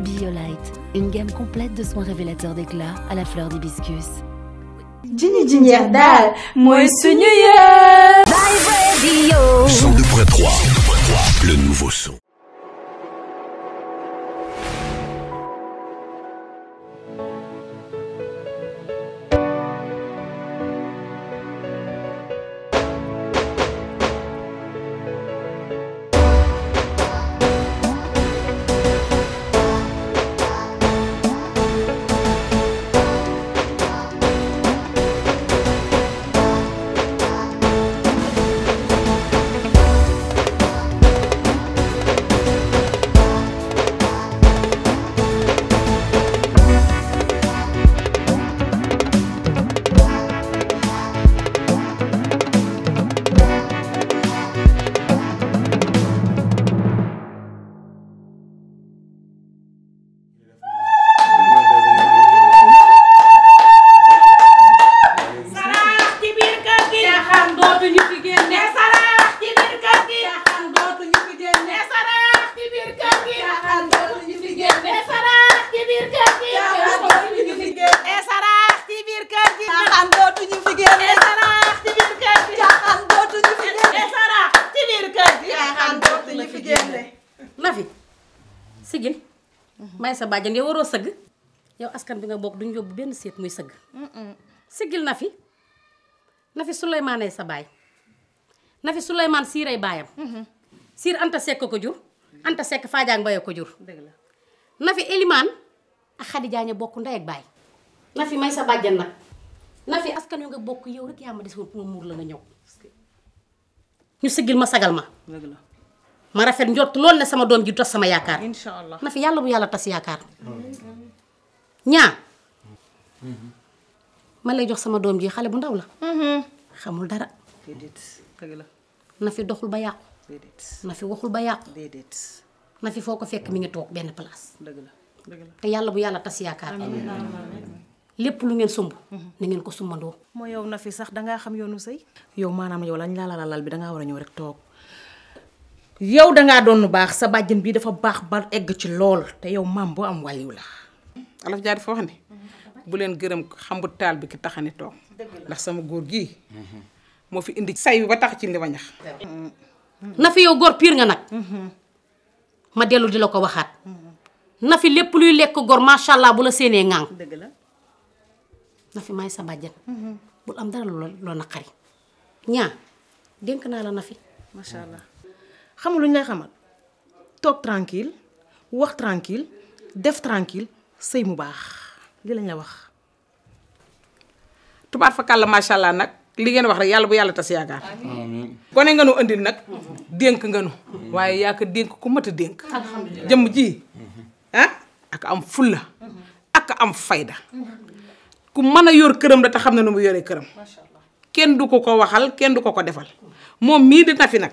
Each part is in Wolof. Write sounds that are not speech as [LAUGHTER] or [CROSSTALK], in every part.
Biolite, une gamme complète de soins révélateurs d'éclat à la fleur d'hibiscus. Jini Jinière dal, moi suis New Year! 102.3, le nouveau son. bàjjan yow waroo seug yow askan bi nga bok duñ yob ben set muy hmm siggil na fi na fi sulaymane sa bay na fi Souleymane Nafi hmm sir anta sek ko jur anta sek nafi baye ko jur na fi eliman ak Xadijaaña bok nday ak bay na fi may sa nak na fi askan yu nga bok yow rek yaa ma la nga ñu ma sagal ma ma rafet njort lol ne sama dom ji tass sama inshallah na fi yalla bu yàlla tas yakar. nya ma lay jox sama dom ji xale bu ndaw la mm-hmm. xamul dara na fi doxul ba dedet na fi waxul ba dedet na fi foko fek mi ngi tok ben place te yalla bu yàlla tas yakar. lepp lu ngeen sumb mm-hmm. na ngeen ko sumando mo yow na fi sax nga xam yoonu sey yow manam yow lañ la lalal bi da nga wara rek tok yow dangaa doon lu baax sa bàjjen bi dafa bax ba egg ci lol te yow mam bo am wàlliw la alaf jaar fo xam bu len geureum xambu tal bi ki taxani toog ndax sama gor gi mo fi indi sayu ba tax ci li wañax na fi yow gor pire nga nak ma delu di lako waxat na fi lepp luy gor ma sha allah bu la deug la na fi may sa bàjjen bu am dara lo nakari ñaa denk na la na fi sha allah xamul luñ lay xamal toog tranquille wax tranquille def tranquille sëy mu baax li lañ la wax tubaat fa kàll macha allah nag li ngeen wax rek yàlla bu yàlla tas yaakaar gone nga nu andil nag dénk nga nu waaye yaaka dénk ku mat a dénk ji ah ak am fulla ak am fayda ku mën a yor këram da te xam na nu mu yoree këram kenn du ko ko waxal kenn du ko ko defal moom mii di na nag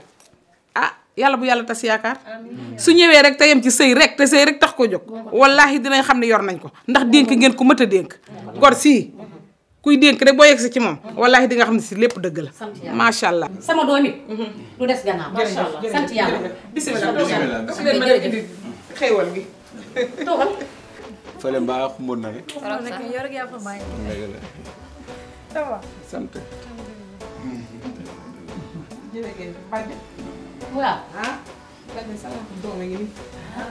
ah yàlla bu yàlla tas yaakaar su ñëwee rek te yem ci sëy rek te sëy rek tax ko jóg wallaahi dinañ xam ne yor nañ ko ndax dénk ngeen ko mët dénk gor si kuy dénk rek boo yegg si ci moom wallaahi di nga xam ne si lépp dëgg la macha allah sama doom it mhm. du des gannaaw macha allah sant yàlla bismillah bismillah mën a indi xéewal gi toogal fële mbaa xumboon na rek sant Murah? Ha? Bukan masalah, duduk lagi ni. Ha?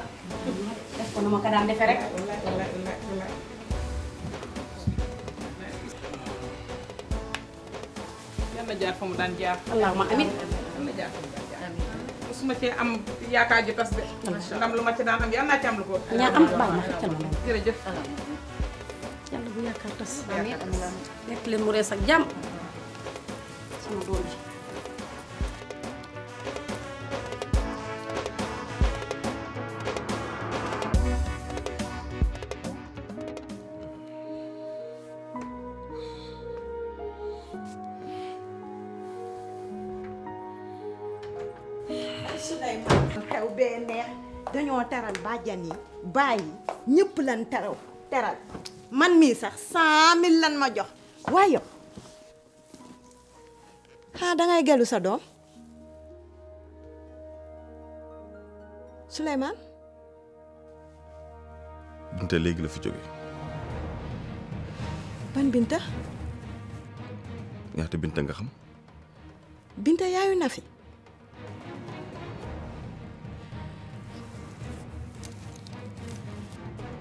Dah kono makanan dia ferek. Ulat, ulat, ulat, ulat. Yàlla jaar fa mu daan jaar. Allahumma amin. Yàlla jaar fa mu daan jaar. su ma cee am ya ju tas de. ndam lu ma ci daan am yàlla naa ci am lu ya ñaa am baal ma xëccal ma jërëjëf. yàlla bu yaakaar tas. amiin nekk leen mu rees ak jàmm. suma doom ji. teral bajani yi ñepp lan teraw teral man mi sax 100000 lan ma jox wayo ha da ngay gelu sa dom suleyman Binta legui la fi joge ban Binta ñaata Binta nga xam Binta yaayu nafi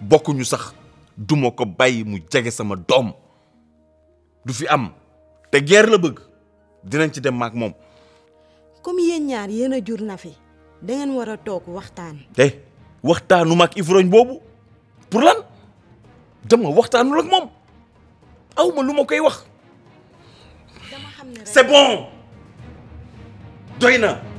bokkuñu sax duma ko bàyyi mu jege sama doom du fi am te guerre la bëgg dinañ ci dem maak moom. comme yéen ñaar yéen a jur na fi da war a toog waxtaan. te waxtaanu mag ak ivrogne boobu pour lan dama waxtaanul ak moom aw lu ma koy wax. c'est bon doy na.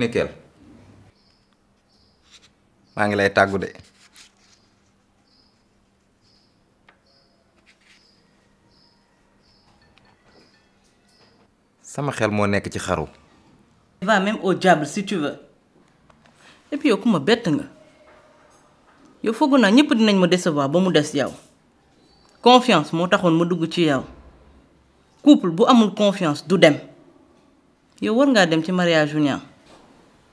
sama xel ci xaru va même au diable si tu veux et puis yow ku ma nga yow dinañ décevoir ba mu confiance mo taxone dugg ci couple bu amul confiance du dem yow war dem ci mariage Junior..!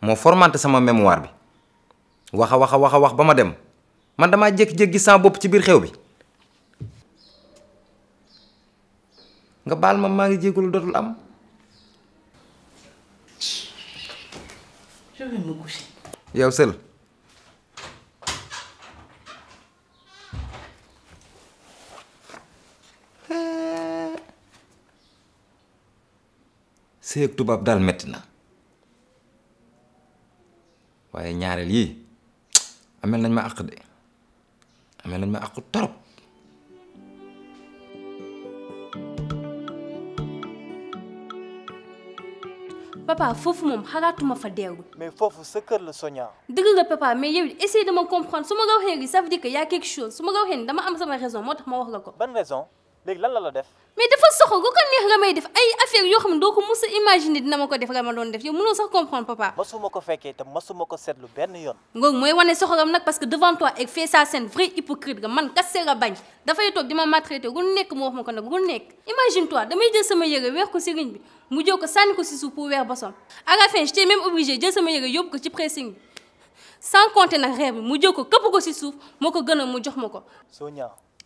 mo formanté sama mémoire bi waxa waxa waxa wax bama dem man dama jek jek jékki sama bop ci bir xew bi nga bal ma ma ngi jégalu dotul am. je vais me coucher. yow sel sël. seeg tubaab daal metti na. waaye ñaareel yii amel nañ ma àq de amel nañ ma àq torop papa foofu moom xalaatuma fa deewu. mais foofu sa kër la soña. dëgg la papa mais yow essaye dama comprendre su ma la waxee lii ça veut dire que y a quelque chose su ma la waxee nii am sama raison moo tax ma wax la ko. ban raison léegi lan la la def. mais dafa soxo gu ko neex nga may def ay affaire yo xam ne doo ko mos imaginer dina mako def nga don def yow mënou sax comprendre papa. masuma ko fekke te masuma ko setlu ben yoon. ngok moy wane soxoram nak parce que devant toi ak fait ça seen vrai hypocrite nga man kasse la bañ da fay tok dima maltraité gu nekk mu wax ma ko gu nek imagine toi damay jël sama yére weer ko si bi mu jël ko sànni ko si suuf pour weer bosom à la fin j'étais même obligé jël sama yére yóbbu ko ci pressing sans compter nak rêve bi mu jël ko këpp ko si suuf moo ko mu jox mako ko. Sonia.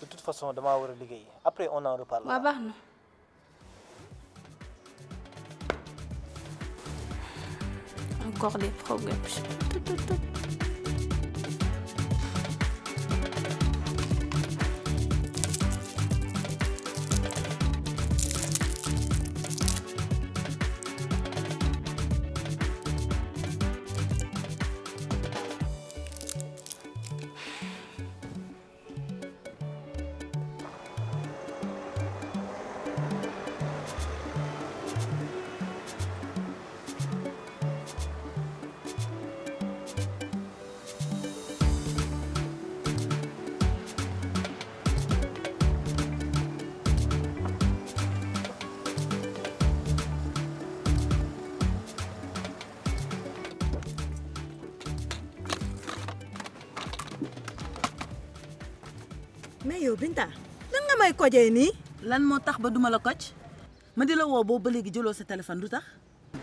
de toute façon on va a après on en reparle. Baba baax encore des problèmes. kojee ni lan mo tax ba duma la koj ma di la woo boobu ba léegi jëloo sa téléphone du tax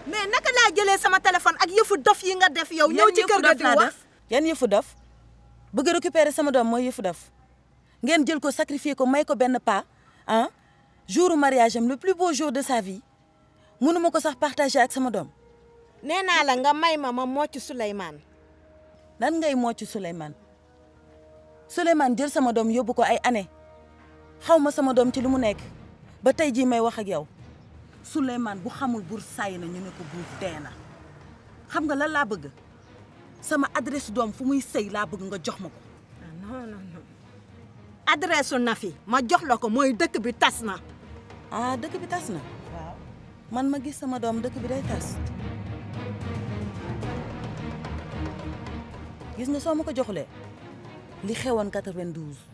mais naka la jëlee sama téléphone ak yëfu dof yi nga def yow ñëw ci kër ga di wax yan yëfu dof bëgg récupérer sama dom mooy yëfu dof ngeen jël ko sacrifier ko may ko pa, pas ah jouru mariage am le plus beau jour de sa vie mënuma ko sax partager ak sama dom. néna la nga may ma ma mocc Souleymane lan ngay mocc Souleymane Souleymane jël sama dom yóbbu ko ay année xaw ma sama doom ci li mu nekk ba tey jii may wax ak yow Souleymane bu xamul buur saay na ñu ne ko buur dee na xam nga lan laa bëgg sama adresse doom fu muy sëy laa bëgg nga jox ma ko. Ah, non non non ma jox la ko mooy dëkk bi tas na. ah dëkk bi tas na. man ma gis sama doom dëkk bi day tas. gis nga soo ma ko joxulee li xewoon 92.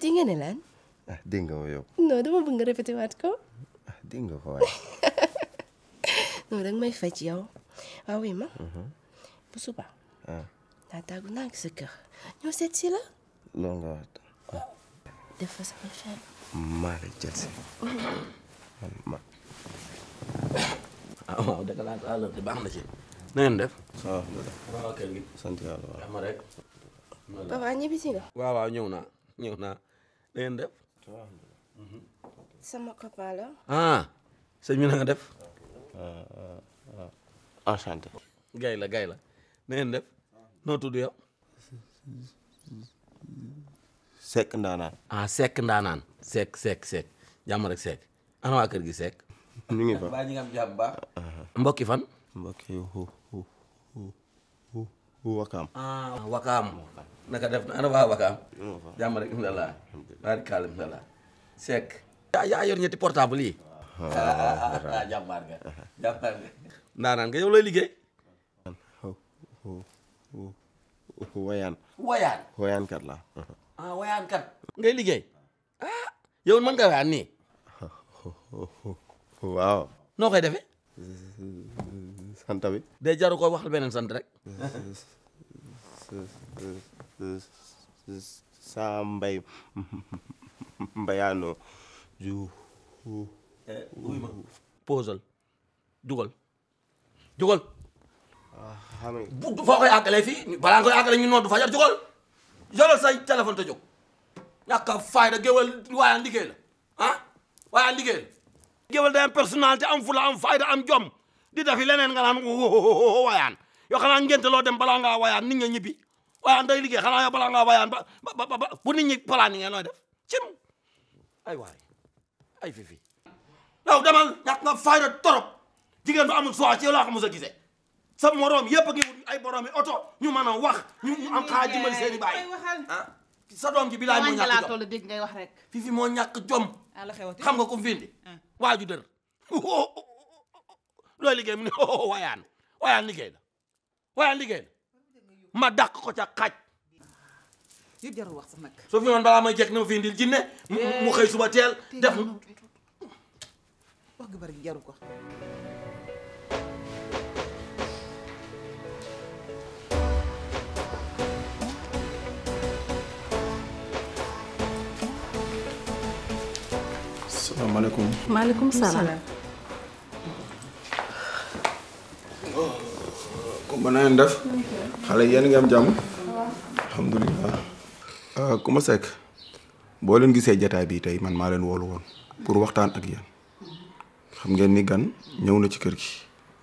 répété ngeen ne lan. ah dégg nga yow. non dama waat ko. ah dégg nga ko waay. [LAUGHS] non danga may faj yow ah ma. Mhm. bu suba. ah naa tàggu naa kër ñoo seet la. loolu nga wax. Ah. def fa sama xel. maa ngi jël ma. ah waaw dëgg ah, ci. na ngeen def. waaw waaw nga. waaw waaw ñëw naa. da def. sama copain la. ah sëñ bi na nga def. enchanté. gay la def noo tudd yow. Seck Ndaanaan. ah Seck Ndaanaan. Seck Seck Seck jàmm ana waa kër gi Seck. fan. mbokki hu wakaam wakaam ah, naka def na ana waa wakaam jàmm rek alhamdulilah barikal alhamdulilah yow lay liggéey wayaan wayaan kat la ah kat ngay liggéey ah, yow mën nga wayaan nii waaw noo koy defee sant bi. ko waxal beneen sant rek. saa mbay mbayaanoo ju. Eh, wuy ma posal jugal jugal. xam ah, nga bu foo koy àggalee fii balaa nga koy àggalee sa téléphone te jóg ñàkk a fayda géwal waayaan liggéey la ah? waayaan liggéey la. day am personnalité am fula am fayda am jom. di dafi leneen nga naan wayaan yoo xanaa ngente loo dem balaa ngaa wayaan nit ña ñibbi wayaan day liggéey xanaa yow balaa ngaa wayaan ba ba ba bu nit ñi palaan yi ngeen nooy def cim ay waay ay fifi yow demal ñàkk nga fayda torop jigéen bu amul choix ci yow laa ko sa moroom yëpp a ay boroomi oto ñu mën a wax ñu am xaa dimbali i baay ah sa doom ji bi laay moo ñàkk jom dégg ngay wax rek ah, nga ko mu fi indi ah. [LAUGHS] looy liggéey mu ne oh, oh wayaan wayaan liggéey la ma dàq ko ca xaaj. yëpp wax fi man balaa may jekk ne ma fi indil jinne mu eh. xëy suba teel def. wax gi bari jaru ko. salaamaaleykum. maaleykum salaam. kumba na ngeen def xale yéen ngi am jàmm alhamdulilah eh, kuma sekk boo leen gisee jataay bi tey man maa leen woolu woon pour waxtaan ak yéen xam ngeen ni gan ñëw na ci kër gi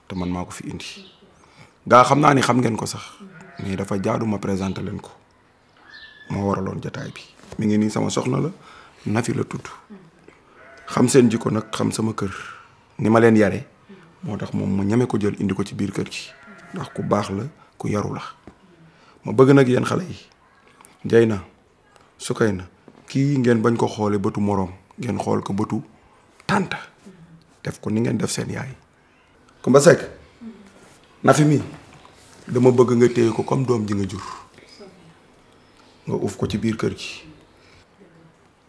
te man maa fi indi ga xam ni xam ngeen ko sax dafa jaaduma présenté leen ko moo waraloon jataay bi mi ngi sama soxna la Nafi la tudd xam seen xam sama kër ni ma leen yare moo tax moom ma ñame ko jël indi ko ci biir kër gi ndax ku baax la ku yaru la ma bëgg nak yeen xalé yi jeyna na sukay ki ngeen bañ ko xolé bëtu morom ngeen xol ko bëtu tànta def ko ni ngeen def seen yaay Kumba nafimi, fi mi dama bëgg nga téye ko comme doom ji nga jur nga uuf ko ci biir kër gi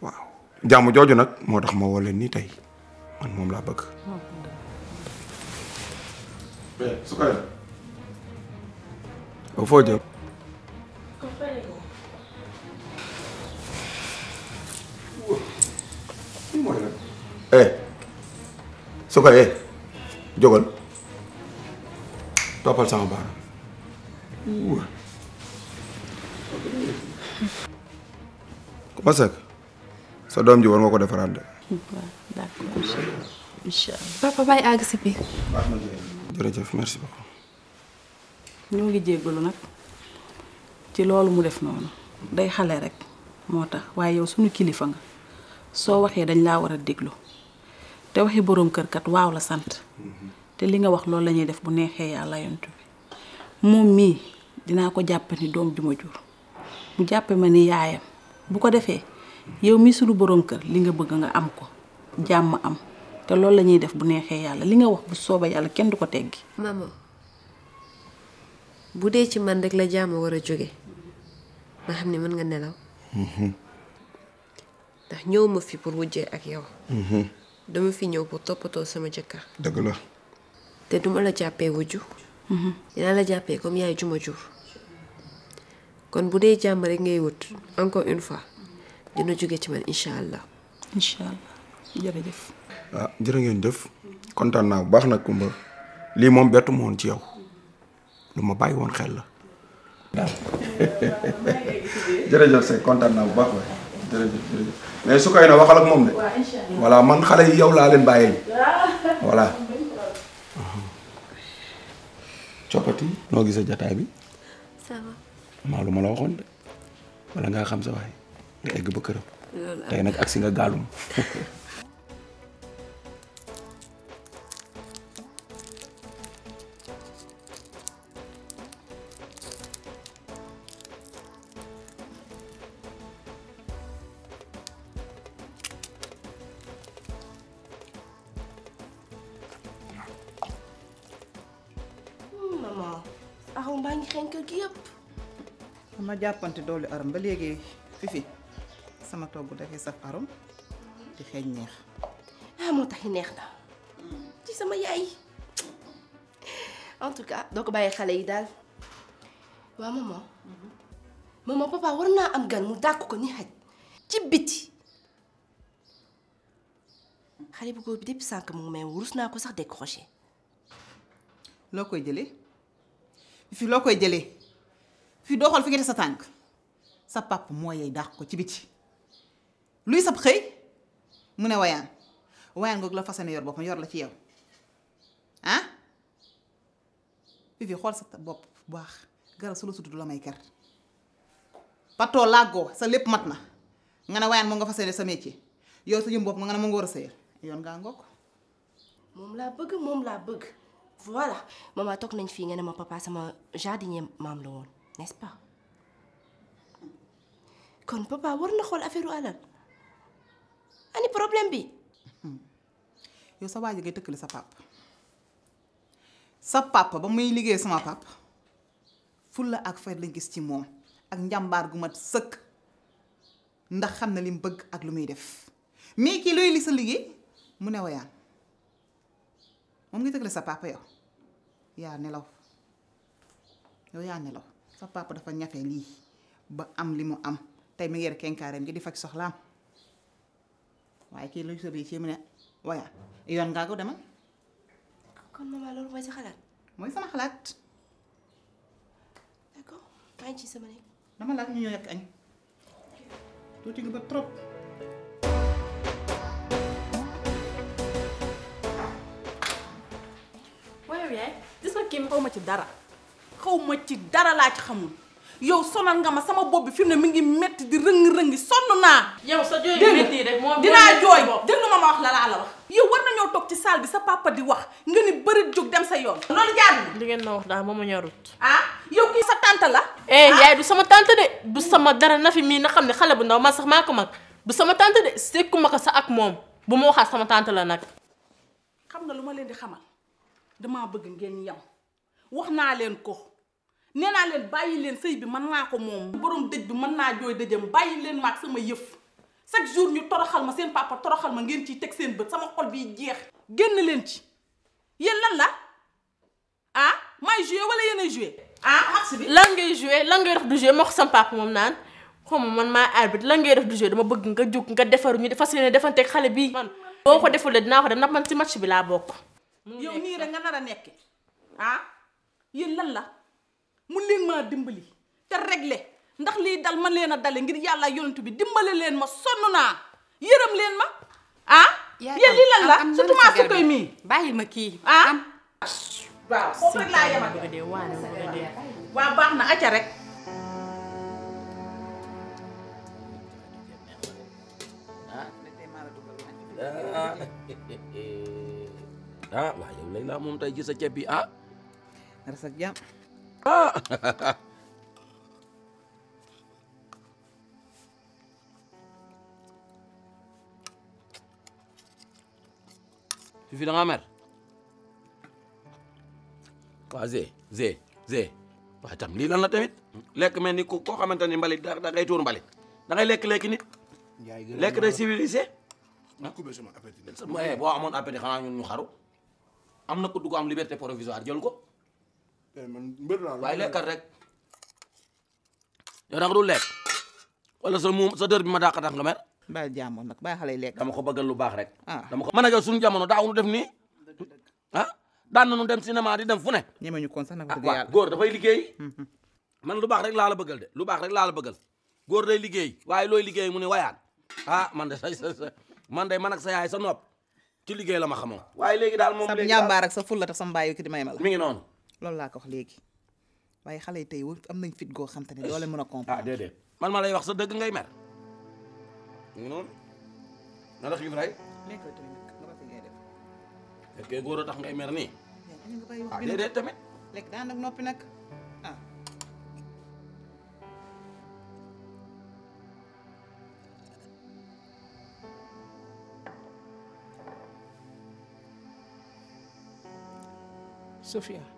waaw jaamu joju nak ma wolé ni tay man mom la bëgg سؤال de. eh suka eh jógal toppal sama bar. Masak. ça sa dom ji won nga ko defaraat de d'accord papa bay ag sibi. jërëjëf merci ñoo ngi jéggalu nag ci loolu def noonu day xale rek moo tax waaye yow suñu kilifa nga soo waxee dañ laa war a déglu te waxi boroom kër waaw la sant te li nga wax loolu la def bu neexee yàlla moom mii dinaa ko jàpp doom juma jur mu jàppe ma ni yaayam bu ko defee yow mii sunu borom kër li nga bëgg nga am ko jàmm am te loolu la ñuy def bu neexee yàlla li nga wax bu sooba yàlla kenn du ko teggi. maman bu dee ci man rek la jàmm war a jóge ma xam ne mën nga nelaw. Mhm. ndax ñëw ma fi pour wujjee ak yow. Mhm. dama fi ñëw pour toppatoo sama jëkkër. dëgg la. te duma la jàppee wujju. Mhm. dinaa la jàppee comme yaay juma jur. kon bu dee jàmm rek ngay wut encore une fois dina jóge ci man incha allah. incha allah jërëjëf. ah jërë ngeen def kontan naa bax baax Kumba li mom betu mon ci yow luma ma won xel la. jere [LAUGHS] jërëjëf Seck kontaan naa bax way jere jere mais su koy na waxal ak mom de. wala man xalé yi yow la len baye wala [LAUGHS] chopati no gisa jataay bi. ça va. ma luma la waxon de wala nga xam sa way egg ba këram. loolu tey nga galum [LAUGHS] jàppante doolu ba léegi fifi sama togg dafay saf arom di xeeñ neex ah moo tax neex na ci sama yaay en tout cas doo ko bàyyi xale yi daal waaw maman maman papa war naa am gan mu dàq ko ni xaj ci biti xale bu bi depuis sànq mu may wurus naa ko sax décroché loo koy jëlee fi loo koy jëlee fii doo xool fi nga teg sa tànk sa pàpp moo yey dàq ko ci biti luy sab xëy mu ne wayaan wayaan googu la façon yor boppam yor la ci yow ah fii xool sa bopp baax garab su la sut du la may ker patoo làggoo sa lépp mat na nga ne wayaan moom nga fas yéene sa métier yow sa jëm bopp nga ne mu nga war a sëyal yoon ngaa ngokk moom laa bëgg moom laa bëgg voilà a toog nañ fii nga ne ma papa sama jardinier maam la woon nest pas kon papa war na xool affaire u ani problème bi [LAUGHS] yow sa waaj ngay tëkkale sa papa sa papa ba muy liggéey sama papa fulla ak fay lañ gis ci moom ak njàmbaar gu mat sëkk ndax xam na li mu bëgg ak lu muy def mais kii looy li sa liggéey mu ne wayaan moom nga tëkkale sa papa yow yaa nelaw yow yaa nelaw sa papa dafa ñafé li ba am limu am tay mi ngi yor kenkaram gi di fak soxlam waye ki lu sobi ci mu ne waya yoon nga ko dama kon mama lolu moy sa xalat moy sama xalat d'accord tay ci sama nek dama la ñu yak agn tuti nga ba trop Wayo yaay, gis nga kii ma xawma ci dara. xaw ma ci dara laa ci xamul yow sonal nga ma sama bopp bi fi ne mi ngi métti di rëngi-rëngi sonn naa. yow sa jooy métti rek moo dinaa jooy déglu ma ma wax la laa la wax. yow war nañoo toog ci salle bi sa papa di wax nga ni jóg dem sa yoon. loolu jaar li ngeen ma wax daal moom ma ñorut. ah yow kii sa tante la. eh ah. yaay du sama tante de du sama dara na fi mii na xam ne xale bu ndaw man sax maa ko mag du sama tante de sekkuma ko sa ak moom bu ma waxaat sama tante la nag. xam nga lu ma leen di xamal damaa bëgg ngeen yaw wax naa leen ko. neenaa leen bàyyi leen sëy bi mën naa ko moom boroom dëj bi mën naa jooy dëjëm bàyyi leen maag sama yëf chaque jour ñu toroxal ma seen papa toroxal ma ngeen ciy teg seen bët sama xol bi jeex génn leen ci yéen lan la ah maay joué wala yéen ay joué ah lan ngay joué lan ngay def du joué ma ko sama papa moom naan xaw ma man maa arbitre lan ngay def du joué dama bëgg nga jóg nga defaru ñu fas yéene defanteeg xale bii man boo ko defulee dinaa ko def ndax man si match bi laa bokk yow nii rek nga nar a nekke ah lan la mu leen maa dimbali te régler ndax lii dal ma leen a dale ngir yàlla yonent bi dimbale leen ma sonn naa yërëm leen ma ah. yéen lan la surtout maa su koy mii. bàyyi ma kii ah. waaw baax na acca rek. ah, ah. [LAUGHS] ah waaw moom tey ci sa ceeb ah. Fifi da nga mer Wa Zé Zé Zé wa tam li lan la tamit lek melni ko ko xamanteni mbali da ngay tour mbali da ngay lek lek nit lekk day civilisé ah coupé sama appétit bo amone appétit xana ñun ñu xaru am ko dugg am liberté provisoire jël ko Eh, man mbër laa waaye lekkat rek yow nag du lekk wala sa moom sa dër bi ma dàq tax nga mer. bàyyi jàmm nag bàyyi xale yi lekk. dama ko bëggal lu baax rek. Ah. dama ko man ak yow suñu jamono daawuñu def nii ah daan nañu dem maa di dem fu ne. ñemeñu kon sax nag ah, dëgg yàlla liggéey. Mm-hmm. man lu baax rek laa la bëggal de lu baax rek laa la bëggal góor day liggéey waaye looy liggéey mu ne wayaan ah man de sa sa man de man ak sa yaay sa nopp ci liggéey la ma xamoon. waaye léegi daal moom léegi daal sa njàmbaar ak sa fulla tax sa mbaay ki ma la mi ngi noonu loolu laa ko wax léegi waaye xale yi tey am nañ fit goo xam te ne doo leen mën a comprendre. ah déedéet man ma lay wax sa dëgg ngay mer. mu noonu. na la xiif rey. nekkul tamit nga ko ngay def. fekkee góor a tax ngay mer nii. ah déedéet tamit. lekk daan nag noppi nag ah. Sophia.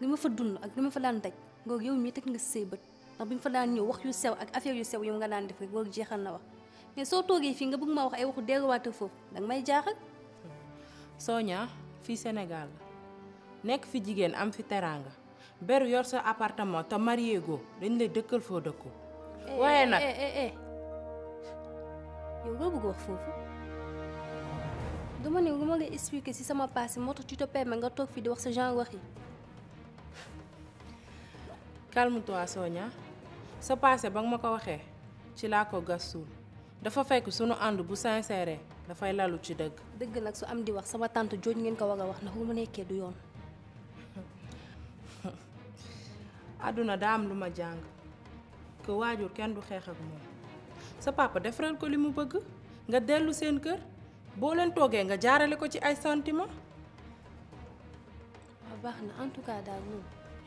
li ma fa dund ak li ma fa daan daj ngoog yow mii teg nga say bët ndax bi nga fa daan ñëw wax yu sew ak affaire yu sew yow nga daan def rek ngoog jeexal na wax mais soo toogee fii nga bëgg ma wax ay waxu delluwaate foofu danga may jaaxal. Sonia fii Sénégal nekk fi jigéen am fi teraanga beru yor sa appartement te marié goo dañ lay foo dëkku. Eh, eh, waaye nag eh, foofu. dama ne lu ma lay expliquer ci sama passé moo tax tu te permets nga toog fii di wax sa genre wax yi. calme-toi Sonia sa passé ba nga ma ko waxee ci laa ko gas suul dafa fekk sunu ànd bu sincère dafay lalu ci dëgg. dëgg nag su am di wax sama tante jooj ngeen ko war a wax ndax bu mu nekkee du yoon. [LAUGHS] àdduna daa am lu ma jàng que waajur kenn du xeex ak moom sa papa defaral ko li mu bëgg nga dellu seen kër boo leen toogee nga jaarale ko ci ay sentiment. waaw ah, baax na en tout cas daal moom.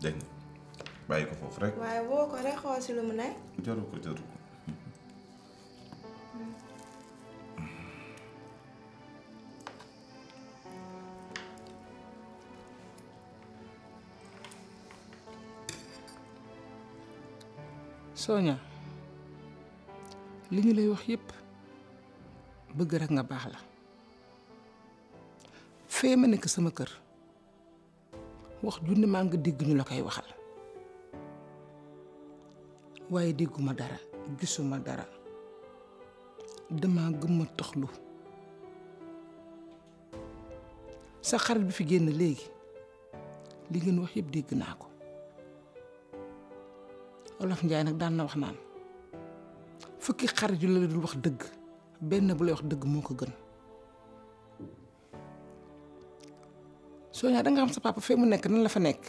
Deng, baik kok, ko foofu rek. waaye kok ko rek xool si lu mu ne. jaru ko Sonia li ñu lay wax yépp bëgg rek nga baax wax junne maa nga dégg ñu la koy waxal waaye dégguma dara gisuma dara dama gëmma toxlu sa xarit bi fi génn léegi li ngeen wax yëpp dégg naa ko Olof Njaay nag daan na wax naan fukki xarit yu la dul wax dëgg benn bu lay wax dëgg moo ko gën Sonia danga xam sa papa fee mu nekk nan la fa nekk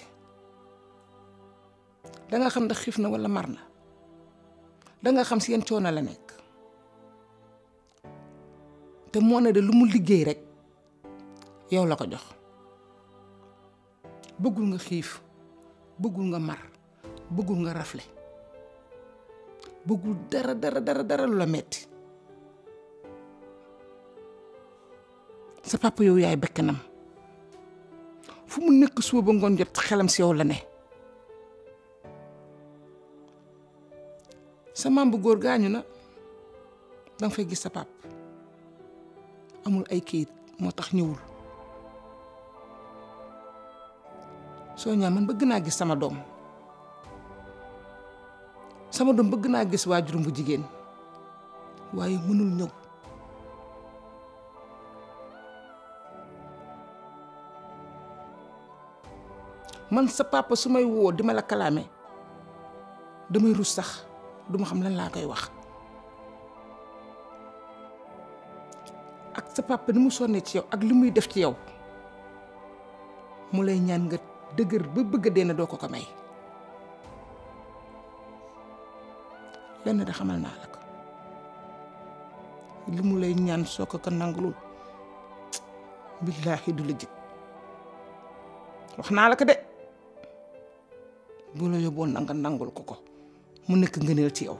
danga xam ndax xiif na walla mar na danga xam si yenn coono la nekk te moo ne de lu mu liggéey rek yow la ko jox bëggul nga xiif bëggul nga mar bëggul nga rafle bëggul dara dara dara dara lu la metti sa papa yow yaay bekkanam fu mu nekk suba ba ngoon jot xelam si yow la ne sa mam bu góor gaañu na danga fay gis sa pap amul ay kayit moo tax ñëwul soo ñaa man bëgg naa gis sama doom sama doom bëgg naa gis waajurum bu jigéen waaye mënul ñëw man sa papa su may woo di ma la kalaame damay rus sax duma xam lan laa koy wax ak sa papa ni mu sonnee ci yow ak li muy def ci yow mu lay ñaan nga dëgër ba bëgg dee na doo ko ko may lenn da xamal naa la ko li mu lay ñaan soo ko ko nangulul billaahi du la jig wax naa la ko de bu la yóbboon na nga nangul ko ko mu nekk ngëneel ci yow.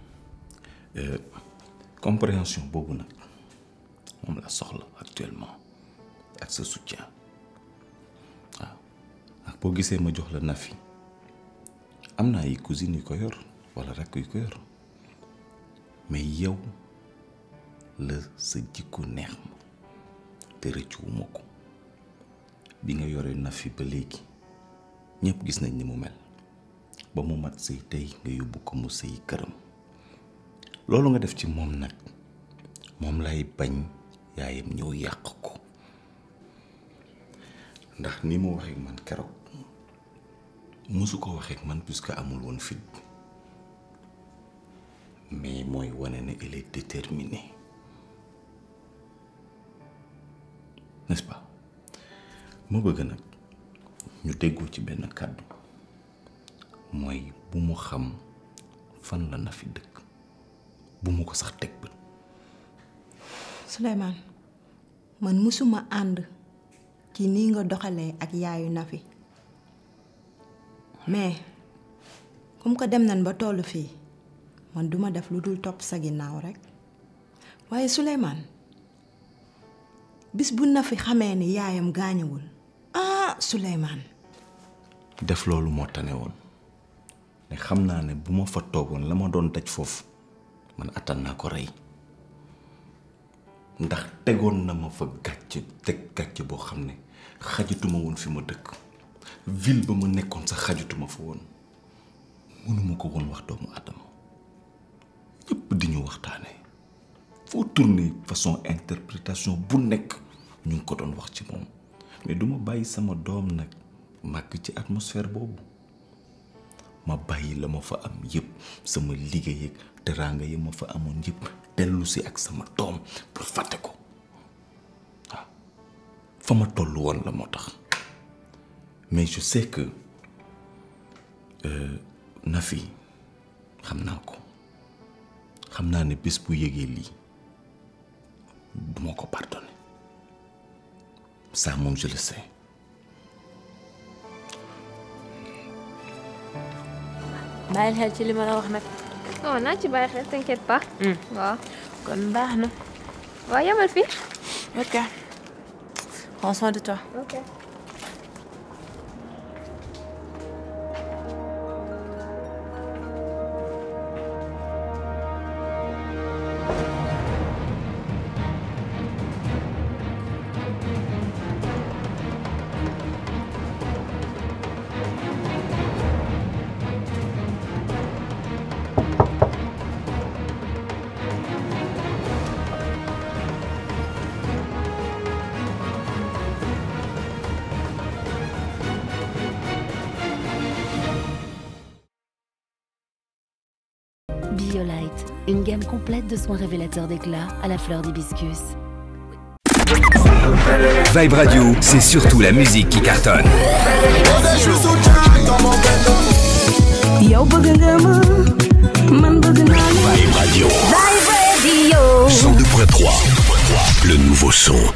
Euh, compréhension boobu nag moom la soxla actuellement ak sa soutien waaw ak boo gisee ma jox la Nafi am na ay cousines yu ko yor walla rakk yu ko yor mais yow la sa jikko neex ma te rëccuwuma ko bi nga yore Nafi ba léegi ñëpp gis nañ ni mu mel ba mu mat sëy tey nga yóbbu ko mu sëy këram loolu nga def ci moom nag moom lay bañ yaayam ñëw yàq ko ndax ni mu waxee man keroog mosu ko waxee man puisque amul woon fit mais mooy wane ne il est déterminé n'est-ce pas bëgg nag ñu déggoo ci benn kàddu mooy bu mu xam fan la na fi bu ma ko sax teg bët. man mësuma ànd ci nii nga doxalee ak yaayu Nafi mais comme que dem nañ ba tollu fii man duma def lu dul topp sa ginnaaw rek waaye Souleymane bis bu Nafi xamee ni yaayam gaañuwul ah Souleymane. def loolu moo tane woon ne xam naa ne bu ma fa toogoon la ma doon daj foofu. man attan naa ko rey ndax tegoon na ma fa gàcc teg gàcc boo xam ne xajatuma woon fi ma dëkk ville ba ma nekkoon sax xajatuma fa woon mënuma ko woon wax doomu adama yépp di ñu waxtaanee foo tourner façon interprétation bu nekk ñu ngi ko doon wax ci moom mais duma bàyyi sama doom nag màgg ci atmosphère boobu ma bàyyi la ma fa am yépp sama liggéey teraanga yi ma fa amoon yëpp dellu si ak sama doom pour fàtte ko ah. fa ma toll woon la moo tax mais je sais que euh, Nafi xam naa ko xam naa ne bés bu yëgee lii duma ko pardonné ça moom je le sais. bàyyil xel ci li ma la wax nag. oh naa ci bàyyi xel t'inquiète pas. waaw kon baax na. waaw yemal ok. Prends soin de toi. Ok. BioLite, une gamme complète de soins révélateurs d'éclat à la fleur d'hibiscus. Vibe Radio, c'est surtout la musique qui cartonne. Yo Radio. Vibe Radio. Vibe Radio. le nouveau son.